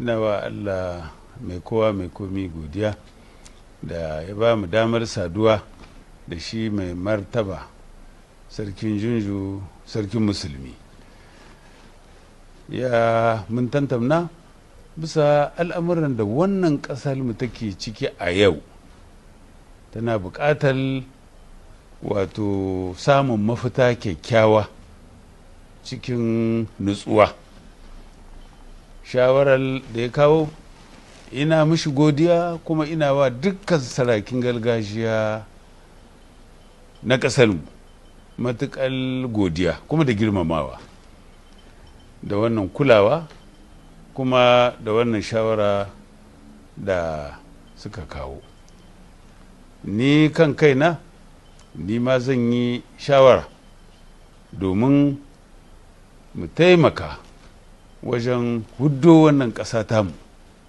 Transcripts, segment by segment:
nawa allah mai kowa mai komi godiya da ya ba mu damar saduwa da shi mai martaba sarkin junju sarkin musulmi ya mun tantamna bisa al'amuran da wannan ƙasar mu take ciki a yau tana buƙatar wato samun mafita kyakkyawa cikin nutsuwa shawarar da ya kawo ina mishi godiya kuma ina wa dukkan sarakin gargajiya na ƙasarmu matuƙar godiya kuma da girmamawa da wannan kulawa kuma da wannan shawara da suka kawo ni kan kaina ni ma zan yi shawara domin mu taimaka wajen huddo wannan ƙasa tamu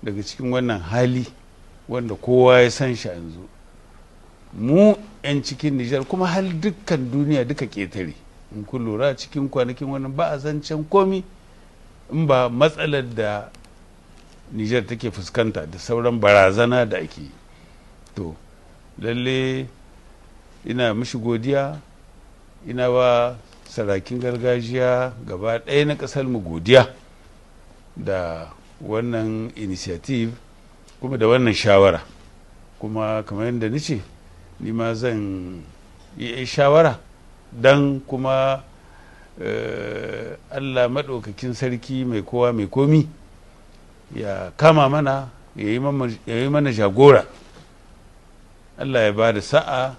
daga cikin wannan hali wanda kowa ya san shi yanzu mu 'yan cikin nijar kuma hal dukkan duniya duka ƙetare in kun lura cikin kwanakin wannan ba a zancen komi in ba matsalar da nijar take fuskanta da sauran barazana da ake to lalle ina mishi godiya ina ba sarakin gargajiya gaba ɗaya na ƙasar mu godiya da wannan initiative kuma da wannan shawara kuma kamar yadda ni ce ni ma zan yi shawara don kuma uh, allah maɗaukakin sarki mai kowa mai komi ya kama mana ya yi mana jagora allah ya ba da sa'a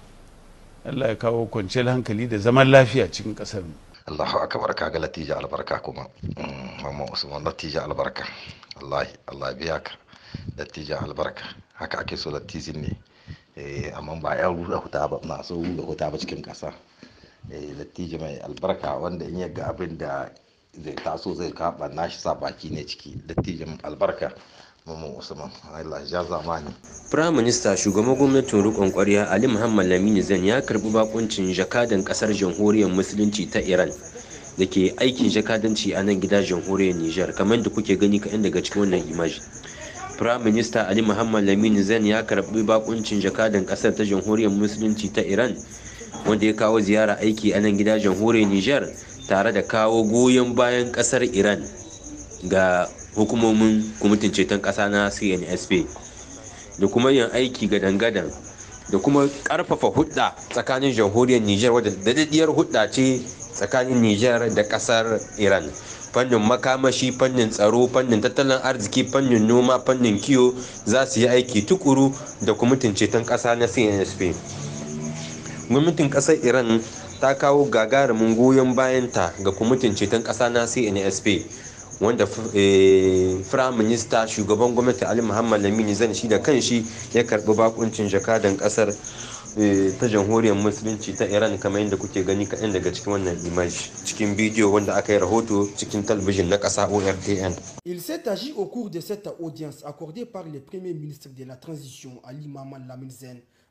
allah ya kawo kwanciyar hankali da zaman lafiya cikin ƙasar mu Allahu akbar ga latija albarka kuma mm, mamman usman latija albarka wallahi Allah biya ka latija albarka haka ake so latizin ne eh amma ba ya ruda huta ba na so ruda huta ba cikin kasa eh latija mai albarka wanda in yaga abin da zai taso zai kaɓa nashi sa baki ne ciki dattijan albarka Mamman Usman Allah ya zamani. Prime Minister shugaban gwamnatin rikon kwarya Ali Muhammad Lamini Zan ya karbi bakuncin jakadan kasar jamhuriyar musulunci ta Iran da ke aikin jakadanci a nan gida jamhuriyar Nijar kamar da kuke gani kaɗan daga cikin wannan imaji. Prime Minister Ali Muhammad Lamini Zan ya karbi bakuncin jakadan kasar ta jamhuriyar musulunci ta Iran wanda ya kawo ziyara aiki a nan gida jamhuriyar Nijar tare da kawo goyon bayan kasar Iran ga hukumomin kwamitin ceton ƙasa na cnsp da kuma yin aiki gadan-gadan da kuma ƙarfafa hudda tsakanin jamhuriyar niger wadda daɗaɗɗiyar hudda ce tsakanin niger da ƙasar iran fannin makamashi fannin tsaro fannin tattalin arziki fannin noma fannin kiwo za su yi aiki tukuru da kwamitin ceton ƙasa na cnsp gwamnatin ƙasar iran ta kawo gagarumin goyon bayanta ga kwamitin ceton ƙasa na cnsp wanda firayim eh, minista shugaban gwamnati ali muhammad lamini zan shi da kanshi ya karbi bakuncin jakadan kasar eh, ta jamhuriyar musulunci ta iran kamar yadda kuke gani kaɗan daga cikin wannan image cikin bidiyo wanda aka yi rahoto cikin talbijin na ƙasa ortn il s'est agi au cours de cette audience accordée par le premier ministre de la transition ali maman lamin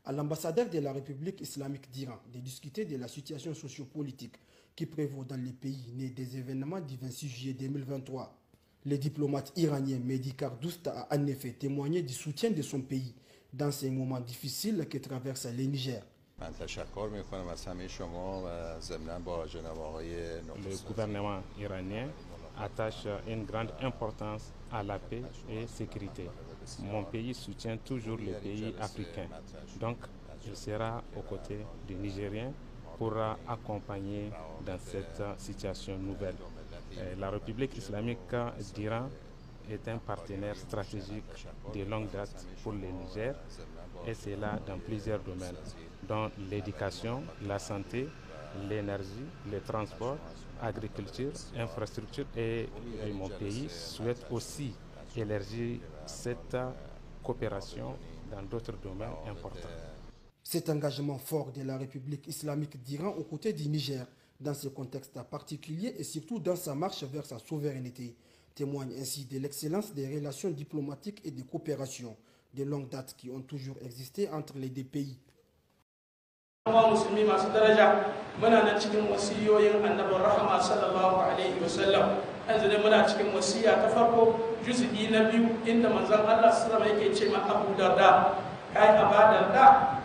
à l'ambassadeur de la république islamique d'iran de discuter de la situation sociopolitique qui prévaut dans les pays né des événements du 26 juillet 2023. Le diplomate iranien Mehdi Kardousta a en effet témoigné du soutien de son pays dans ces moments difficiles que traverse le Niger. Le gouvernement iranien attache une grande importance à la paix et sécurité. Mon pays soutient toujours les pays africains. Donc, je sera aux côtés des Nigériens pourra accompagner dans cette situation nouvelle. Euh, la République islamique d'Iran est un partenaire stratégique de longue date pour le Niger et cela dans plusieurs domaines, dans l'éducation, la santé, l'énergie, le transport, agriculture, infrastructure et, mon pays souhaite aussi élargir cette coopération dans d'autres domaines importants. Cet engagement fort de la République islamique d'Iran aux côtés du Niger, dans ce contexte particulier et surtout dans sa marche vers sa souveraineté, témoigne ainsi de l'excellence des relations diplomatiques et de coopération de longue date qui ont toujours existé entre les deux pays.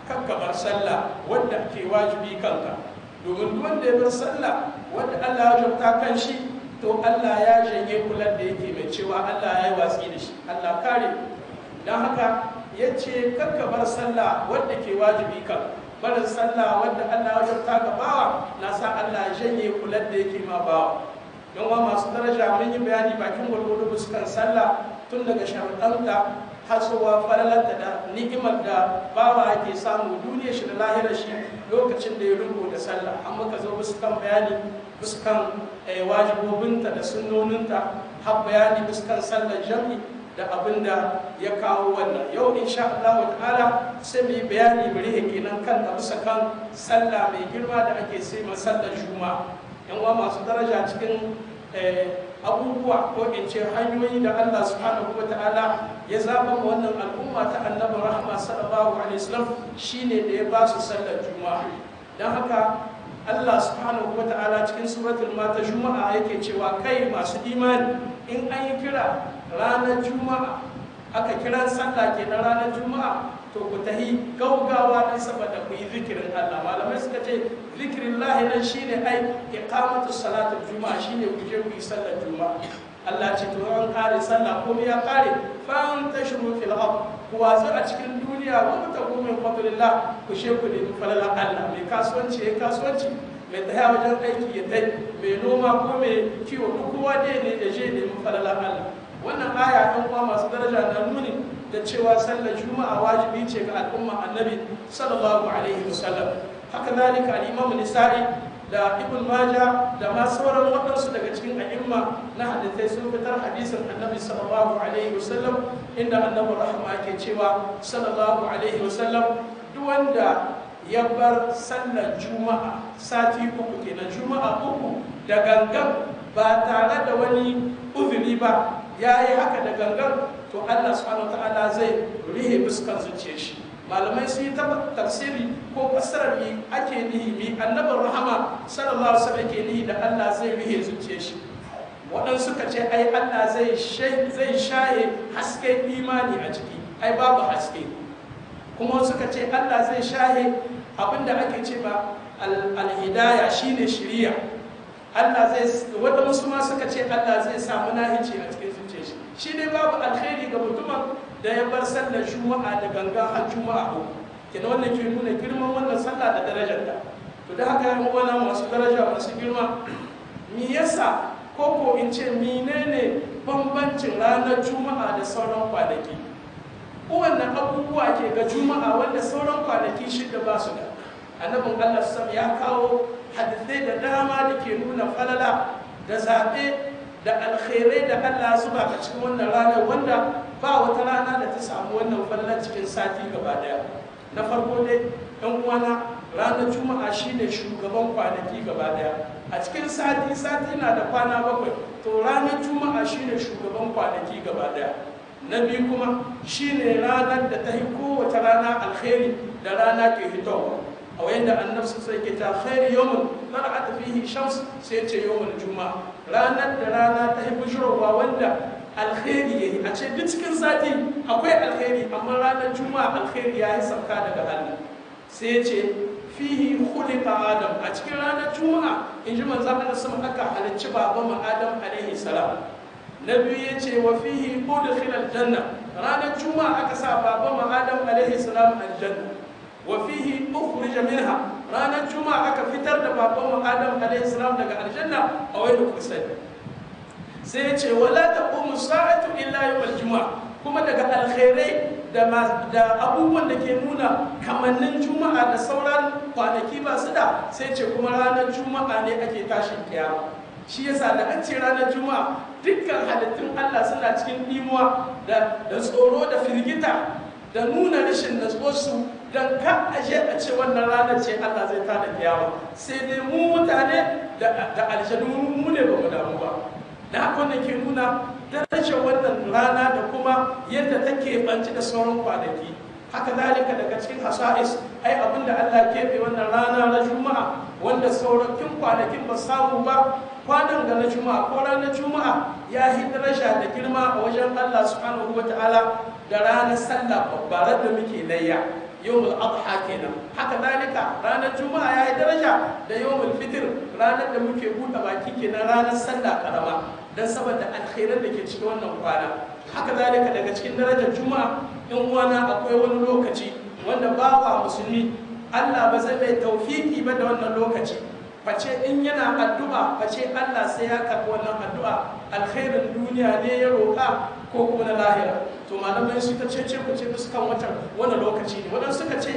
kan bar sallah wanda ke wajibi kanka domin duk wanda ya bar sallah wanda Allah ya jabta kan shi to Allah ya janye kulan da yake mai cewa Allah ya yi watsi da shi Allah kare don haka ya ce kan bar sallah wanda ke wajibi kan barin sallah wanda Allah ya jabta ga bawa na sa Allah ya janye kulan da yake ma bawa don masu daraja mun yi bayani bakin gwalgwado fuskan sallah tun daga sharuɗanta hasowa falalanta da ni'imar da bawa ake samu duniya shi da lahirar shi lokacin da ya da sallah an muka zo musu kan bayani musu kan eh, wajibobinta da sunnoninta har bayani musu kan sallar jam'i da abin da ya kawo wannan yau insha Allah wa ta'ala sai mu yi bayani bari rihe kenan kan da musu kan sallah mai girma da ake sai sallar juma'a yan uwa masu daraja cikin Eh, abubuwa ko in ce hanyoyi da Allah subhanahu wa ta'ala ya zaba wannan al'umma ta annabi rahma sallallahu alaihi wasallam shine da ya ba su sallar juma'a dan haka Allah subhanahu wa ta'ala cikin suratul mata juma'a yake cewa kai masu imani in an yi kira ranar juma'a aka kiran sallah ke na ranar juma'a to ku tahi gaugawa ne saboda ku yi zikirin Allah malamai suka ce zikirin lahi nan ne ai iqamatu salatul juma'a shine ku je ku yi sallar juma'a Allah ce to an kare sallah ko ya kare fan an tashru fil ard ku watsu a cikin duniya wa ta gumin fadlillah ku she ku nemi falala Allah mai kasuwanci ya kasuwanci mai taya wajen aiki ya tai mai noma ko mai kiwo duk kowa ne ya je nemi falala Allah wannan aya ɗan uwa masu daraja na nuni da cewa sallar juma'a wajibi ce ga al'umma annabi sallallahu alaihi wasallam haka zalika al-imam nisa'i da ibn da ma sauran waɗansu daga cikin a'imma na hadisai sun fitar hadisin annabi sallallahu alaihi wasallam inda annabi rahma ke cewa sallallahu alaihi wasallam duk wanda ya bar sallar juma'a sati uku kenan juma'a uku da gangan ba tare da wani uzuri ba ya yi haka da gangan to Allah subhanahu ta'ala zai rihe fuskar zuciyar shi malamai sun yi tafsiri ko fassarar mi ake nihi mi annabar rahama sallallahu alaihi wasallam ke nihi da Allah zai rihe zuciyar shi waɗansu suka ce ai Allah zai zai shaye hasken imani a ciki ai babu haske kuma suka ce Allah zai shaye da ake ce ba alhidaya shine shiriya Allah zai wata musu ma suka ce Allah zai sa munahici a cikin shi ne babu alheri ga mutumin da ya bar sallar juma'a da ganga har juma'a ko kina wannan ke nuna girman wannan sallah da darajar ta to da haka yan uwana masu daraja masu girma me yasa ko in ce menene bambancin ranar juma'a da sauran kwanaki wannan abubuwa ke ga juma'a wanda sauran kwanaki shida ba su da annabin allah sam ya kawo hadisai da dama da ke nuna falala da zaɓe da alkhairai da Allah su ba cikin wannan ranar wanda ba wata rana da ta samu wannan fallar cikin sati gaba daya na farko dai ɗan uwana ranar juma'a shine shugaban kwanaki gaba daya a cikin sati sati na da kwana bakwai to ranar juma'a shine shugaban kwanaki gaba daya na biyu kuma shine ranar da ta yi kowace rana alkhairi da rana ke hitowa a wayan da annabi sai ke ta khairi yawmin mar'at fihi shams sai ce yawmin juma'a ranar da rana ta yi bushirowa wanda alheri ya yi a ce duk cikin sati akwai alheri amma ranar juma'a alheri ya yi sauka daga allah sai ce fihi khuliqa adam a cikin ranar juma'a in ji manzo Allah sun aka halicci baban mu adam alaihi salam na biyu ya ce wa fihi udkhila aljanna ranar juma'a aka sa baban mu adam alaihi salam aljanna wa fihi ukhrija minha ranar juma'a aka fitar da babanmu adam alaihi salam daga aljanna a wani kusa sai ya ce wala ta ƙumu sa'atu illa yawmal juma'a kuma daga alkhairai da abubuwan da ke nuna kamannin juma'a da sauran kwanaki ba su da sai ce kuma ranar juma'a ne ake tashin kiyama shi yasa da an ce ranar juma'a dukkan halittun Allah suna cikin ɗimuwa da tsoro da firgita da nuna rashin su. dan ka aje a ce wannan ranar ce Allah zai tada kiyama sai dai mu mutane da aljanu mu ne ba mu damu ba da haka wannan ke nuna darajar wannan rana da kuma yadda take banci da sauran kwanaki haka dalika daga cikin hasa'is ai abin da Allah kefe wannan rana na juma'a wanda saurakin kwanakin ba samu ba kwanan ga na juma'a ko ranar juma'a ya yi rasha da girma a wajen Allah subhanahu wa ta'ala da ranar sallah babbarar da muke layya yawmul adha kenan haka dalika ranar juma'a yayi daraja da yawmul fitr ranar da muke buɗe baki kenan ranar sallah karama dan saboda alheran da ke cikin wannan kwana haka dalika daga cikin darajar juma'a in uwana akwai wani lokaci wanda bawa musulmi Allah ba zai mai taufiki ba da wannan lokaci face in yana addu'a face Allah sai ya karɓi wannan addu'a alkhairin duniya ne ya roƙa ko kuma na lahira to malamai ta ce ce ku ce kan watan wani lokaci ne Wadanda suka ce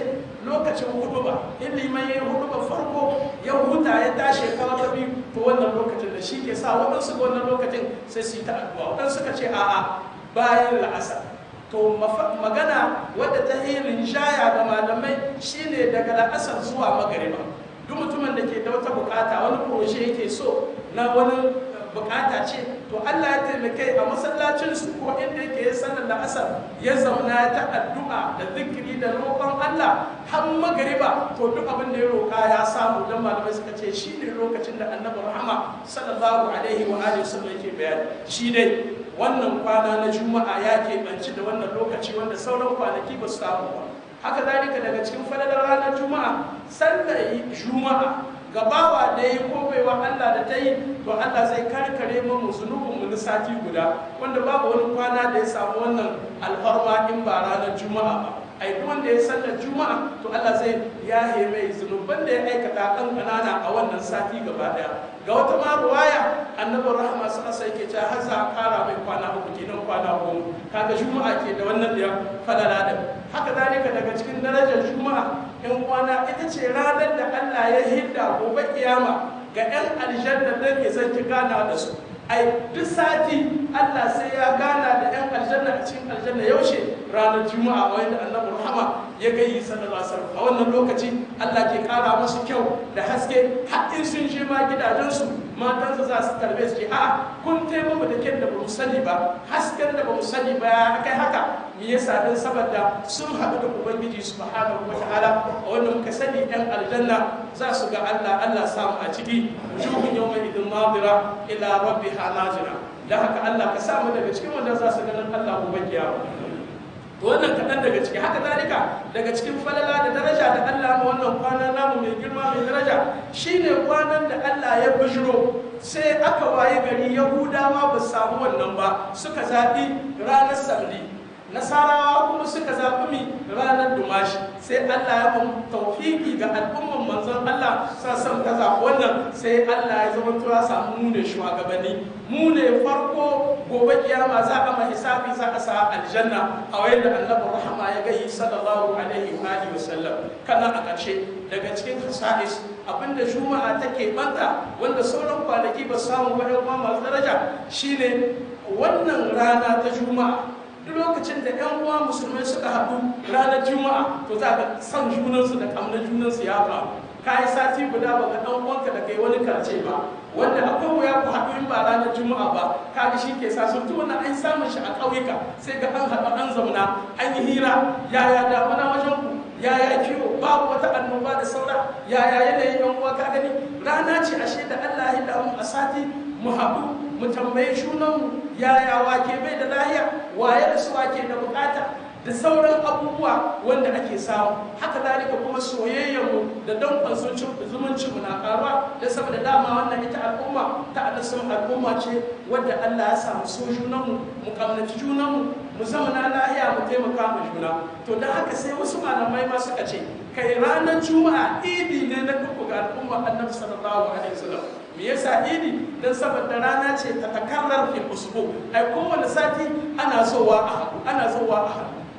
lokacin huduba in liman ya yi huduba farko ya huta ya tashi kawo ta biyu to wannan lokacin da shi ke sa wadansu ga wannan lokacin sai su yi ta addu'a Wadanda suka ce a'a bayan la'asar to magana wadda ta yi rinjaya ga malamai shine daga la'asar zuwa magariba duk mutumin da ke da wata bukata wani proje yake so na wani bukata ce to Allah ya taimake a masallacin su ko inda yake ya sallar da asar ya zauna ta addu'a da zikiri da roƙon Allah har magariba to duk abin da ya roƙa ya samu dan malamai suka ce shi ne lokacin da annabi Muhammad sallallahu alaihi wa alihi wasallam yake bayani shi dai wannan kwana na juma'a ya keɓanci da wannan lokaci wanda sauran kwanaki ba su samu ba haka zalika daga cikin falalar ranar juma'a sallar juma'a Gabawa da ya komai wa Allah da ta yi to Allah zai karkare mu zunubin mu na sati guda wanda babu wani kwana da ya samu wannan alfarma in ba ranar juma'a ba ai duk wanda ya sallar juma'a to Allah zai yahe mai zunuban da ya aikata kan kanana a wannan sati gaba daya ga wata ma ruwaya annabi rahma sa sai ke ta har za kara mai kwana uku kenan kwana goma kaga juma'a ke da wannan da fadala da haka zalika daga cikin darajar juma'a yan kwana ita ce ranar da Allah ya hidda gobe kiyama ga yan aljanna da ke zan ki gana da su ai duk sati Allah sai ya gana da yan aljanna a cikin aljanna yaushe ranar juma'a wai da annabi rahama ya kai yi sallallahu alaihi a wannan lokaci Allah ke kara masu kyau da haske har in sun je ma gidajensu su za su tarbe su ke a'a kun taimaka da kyan da ba mu sani ba hasken da ba mu sani ba ya kai haka me yasa dan saboda sun haɗu da ubangiji subhanahu wataala a wanda muka sani ɗan aljanna za su ga Allah Allah samu a ciki yau mai idin nadira ila rabbiha nazira Da haka Allah ka samu daga cikin wanda za su ganin Allah bangiya ba. wannan kaɗan daga ciki haka zalika daga cikin falala da daraja da Allah ma wannan kwanan namu mai girma mai daraja shine kwanan da Allah ya bishiro sai aka waye gari yahudawa ba su samu wannan ba suka zaɓi ranar samdi nasarawa kuma suka zaɓi mi ranar dumashi sai Allah ya ban taufiki ga al'umman manzon Allah sasan kaza. sai Allah ya zama tuwa samu mu ne shugabanni mu ne farko gobe kiyama za a ma hisabi za a sa aljanna a wayar da annabi rahama ya gayi sallallahu alaihi wa alihi wasallam kana a kace daga cikin hasa'is abinda juma'a take banta wanda sauran kwanaki ba samu ba yan masu daraja shine wannan rana ta juma'a duk lokacin da yan uwa musulmai suka haɗu ranar juma'a to za ka san junansu da kamar junansu ya faru ka yi sati guda ba ga ɗan uwan bai wani karce ba wanda akwai wuya ku haɗu in ba ranar juma'a ba ga shi ke sa sun wannan an samun shi a ƙauyuka sai ga an haɗu an zauna an yi hira yaya damuna wajen ku yaya kiwo babu wata annoba da saura yaya yanayin yan uwa ka gani rana ce ashe da Allah ya damu a sati mu haɗu mu tambaye shunanmu yaya wake bai da lahiya waye da su wake da bukata da sauran abubuwa wanda ake samu haka zalika kuma soyayyarmu da dankon zumuncin wannan ita al'umma ta adasin al'umma ce wadda Allah ya samu so junanmu mu kamnaci junanmu mu zauna lahiya mu taimaka mu juna to don haka sai wasu malamai ma suka ce kai ranar juma'a idi ne na kuku ga al'umma annabi sallallahu alaihi wasallam me yasa idi dan saboda rana ce ta takarrar fil usbu ai kowane sati ana zowa a ana zowa a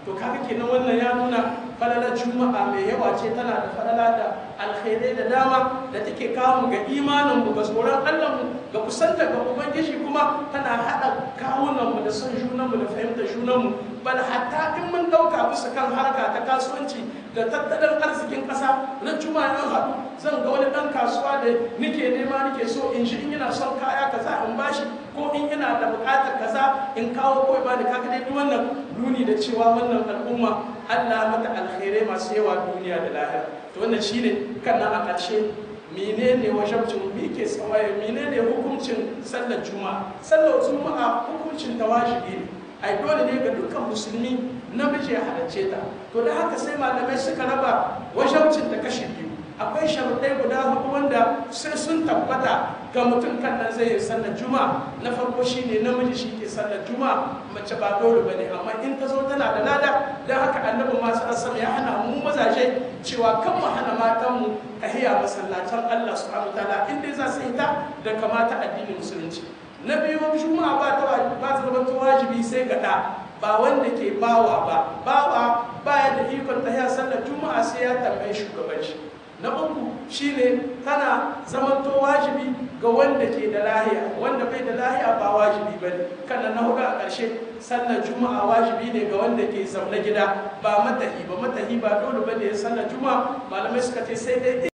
to kaga kenan wannan ya nuna falalar juma'a mai yawa ce tana da falala da alkhairai da dama da take kawo ga imaninmu ga tsoron mu ga kusanta ga ubangiji kuma tana haɗa kawunanmu da son mu da fahimtar mu bal hatta in mun dauka bisa kan harka ta kasuwanci da tattalin arzikin ƙasa na juma'a an haɗu zan ga wani ɗan kasuwa da nike nema nike so in ji in yana son kaya kaza in bashi ko in yana da bukatar kaza in kawo kawai ba da kaga dai wannan nuni da cewa wannan al'umma Allah mata alkhairai masu yawa duniya da lahira to wannan shine kan nan a ƙarshe menene wajabcin mi ke tsawaye menene hukuncin sallar juma'a sallar juma'a hukuncin ta wajibi ne ai dole ne ga dukkan musulmi namiji ya halarce ta to da haka sai malamai suka raba wajabcin ta kashi biyu akwai sharuɗai guda hudu wanda sai sun tabbata ga mutum kan nan zai yi sallar juma'a na farko shi ne namiji shi ke sallar juma'a mace ba dole ba ne amma in ta zo tana da lada don haka annabi masu asam ya hana mu mazaje cewa kan mu hana matanmu tahiya masallatan Allah su ta'ala in dai za su yi ta da kamata addinin musulunci na biyu juma'a ba ta ba ta wajibi sai gada ba wanda ke bawa ba bawa baya da ikon tahiya sallar juma'a sai ya tambayi shugabanci na uku ne tana zamanto wajibi ga wanda ke da lahiya wanda bai da lahiya ba wajibi ne kana na hudu a ƙarshe sallar juma'a wajibi ne ga wanda ke zaune gida ba matahi ba matahi ba dole ne sallar juma'a malamai suka ce sai dai